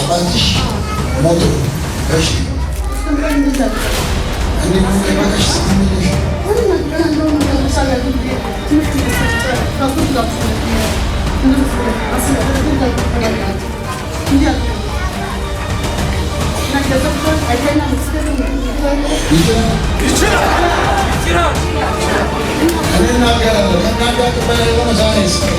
Abandiş, modu, kaşı. Hani bu kadar kaşı sinirli. İçin! İçin! İçin! እናገራለሁ። ከእናንተ ቅበላ የሆነ ዛሬ እስከ ይችላል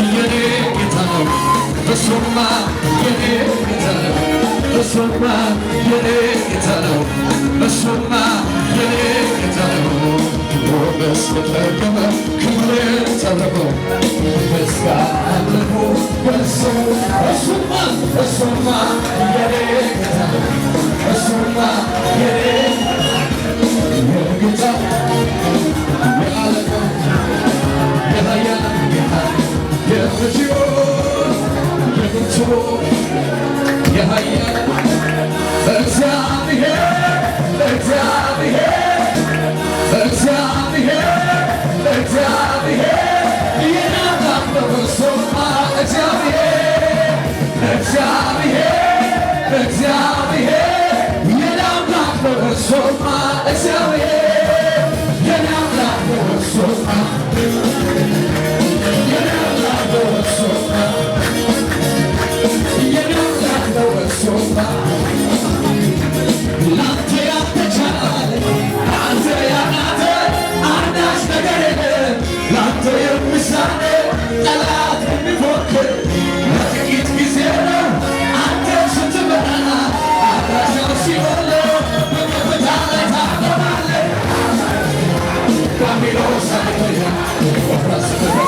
የኔ ጌታ እሱማ የኔ ጌታ እሱማ የኔ ጌታ ነው እሱማ የኔ ጌታ ነው ሞገስ ተጠቀመ ክብር ተጠቀመ ምስጋናሁ እሱ እሱማ እሱማ የኔ ጌታ እሱማ እግዚአብሔር የዳምላክ ነው እርሶማ እግዚአብሔር Abraço, abraço.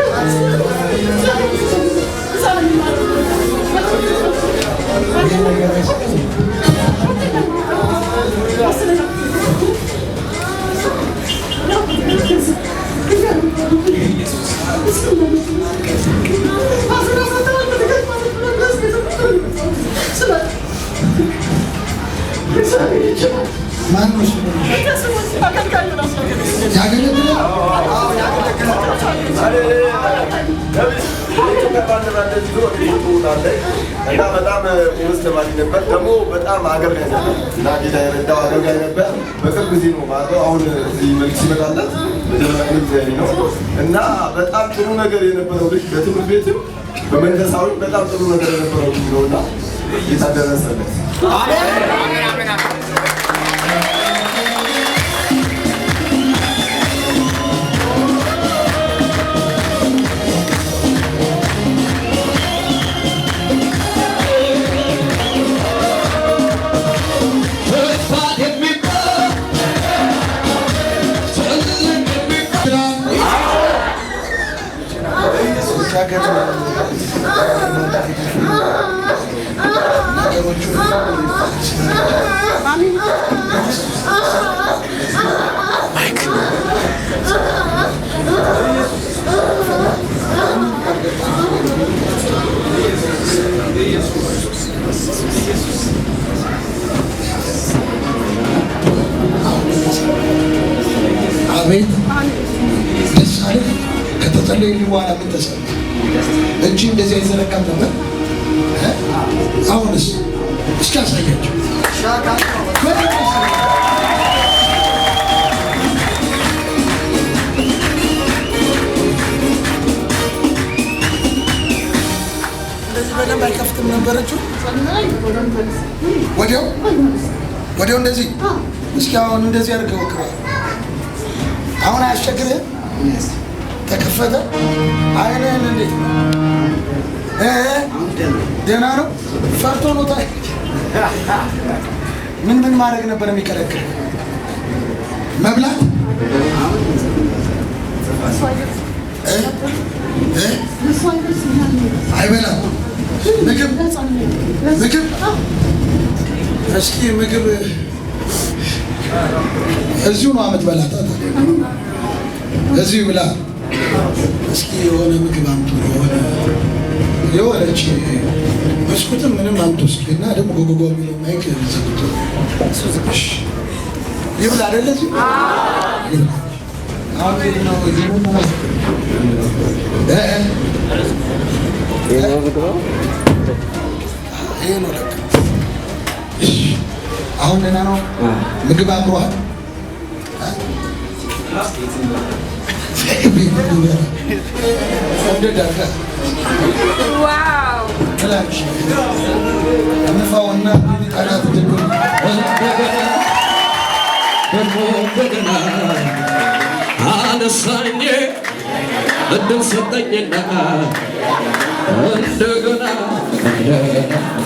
እና በጣም ውስ ነበር። ደግሞ በጣም አገልጋይ ነበር የረዳው አገልጋይ ነበር። እና በጣም ጥሩ ነገር የነበረው ልጅ በትምህርት ቤትም በመንፈሳዊ በጣም ጥሩ ነገር የነበረው ልጅ ነው ጌታ ደረሰለት። አቤት ደስ አለ ከተጸለዩ በኋላ ምን ተሰማ? እጅ እንደዚህ አይዘረጋም ነበር። አሁንስ እስኪ አሳያቸው። በደንብ አይከፍትም ነበረችው። ወዲያው ወዲያው እንደዚህ እስኪ አሁን እንደዚህ አድርገህ ወክረህ አሁን አያስቸግርህም። ተከፈተ አይነን እንዴት ነው? ደህና ነው። ፈርቶ ነው። ታይ ምን ምን ማድረግ ነበር የሚከለክል? መብላት አይበላም። ምግብ ምግብ እስኪ ምግብ እዚሁ ነው አመት በላት እዚሁ ብላ። እስኪ የሆነ ምግብ አምጡ የሆነ የወረች መስኮትም ምንም አምትወስድ እና ደግሞ ጎጎጎ የሚለው ማይክ ዘግቶ ይብል አደለች አሁን ደህና ነው። ምግብ አምሯል። እንደዳጋ ንፋውና ቀናት ደግሞ እንደገና አነሳኝ እድል ሰጠኝና እንደገና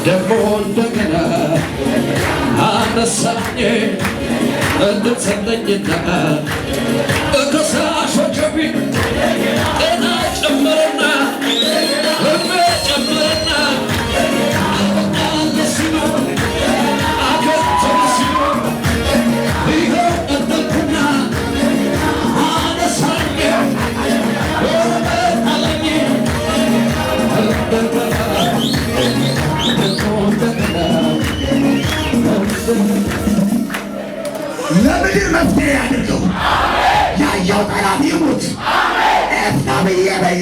ደግሞ እንደገና አነሳኝ እድል ሰጠኝና ከሳሾች ፊት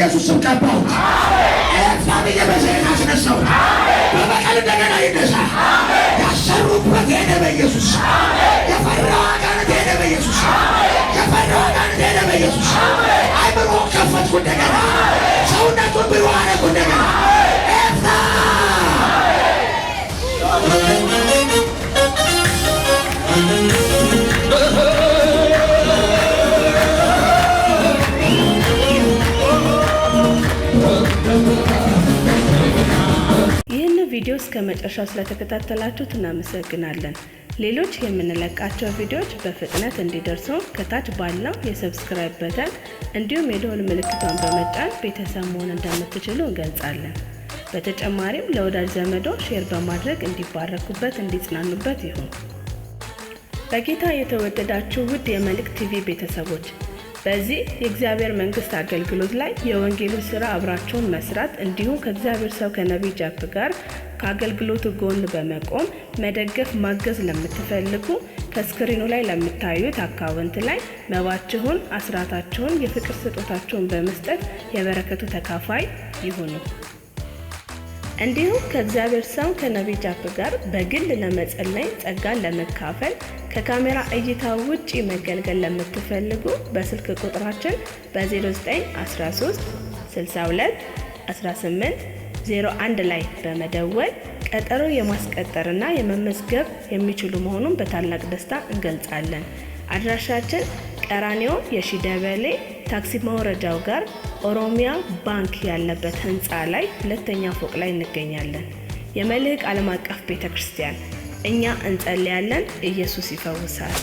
በኢየሱስ ስም ቀባው። ኤርትራን በዘይት አስነሳው። በበቀል እንደገና ይነሳ። ያሰሩበት ሄደ በኢየሱስ የፈራው አጋንንት ሄደ በኢየሱስ የፈራው አጋንንት ሄደ በኢየሱስ አይምሮ ከፈትኩ እንደገና ሰውነቱን ብሎ አረኩ እንደገና እስከ መጨረሻው ስለተከታተላችሁት እናመሰግናለን። ሌሎች የምንለቃቸው ቪዲዮዎች በፍጥነት እንዲደርሱ ከታች ባለው የሰብስክራይብ በተን እንዲሁም የደወል ምልክቷን በመጫን ቤተሰብ መሆን እንደምትችሉ እንገልጻለን። በተጨማሪም ለወዳጅ ዘመዶ ሼር በማድረግ እንዲባረኩበት፣ እንዲጽናኑበት ይሁን። በጌታ የተወደዳችሁ ውድ የመልሕቅ ቲቪ ቤተሰቦች በዚህ የእግዚአብሔር መንግስት አገልግሎት ላይ የወንጌሉ ስራ አብራችሁን መስራት እንዲሁም ከእግዚአብሔር ሰው ከነቢይ ጃፕ ጋር ከአገልግሎቱ ጎን በመቆም መደገፍ ማገዝ ለምትፈልጉ ከስክሪኑ ላይ ለምታዩት አካውንት ላይ መባችሁን፣ አስራታችሁን፣ የፍቅር ስጦታችሁን በመስጠት የበረከቱ ተካፋይ ይሁኑ። እንዲሁም ከእግዚአብሔር ሰው ከነቢይ ጃፕ ጋር በግል ለመጸለይ ጸጋን ለመካፈል ከካሜራ እይታ ውጪ መገልገል ለምትፈልጉ በስልክ ቁጥራችን በ0913 62 18 01 ላይ በመደወል ቀጠሮ የማስቀጠርና የመመዝገብ የሚችሉ መሆኑን በታላቅ ደስታ እንገልጻለን። አድራሻችን ቀራኒዮ የሺደበሌ ታክሲ ማውረጃው ጋር ኦሮሚያ ባንክ ያለበት ህንፃ ላይ ሁለተኛ ፎቅ ላይ እንገኛለን። የመልህቅ ዓለም አቀፍ ቤተ ክርስቲያን እኛ እንጸልያለን፣ ኢየሱስ ይፈውሳል።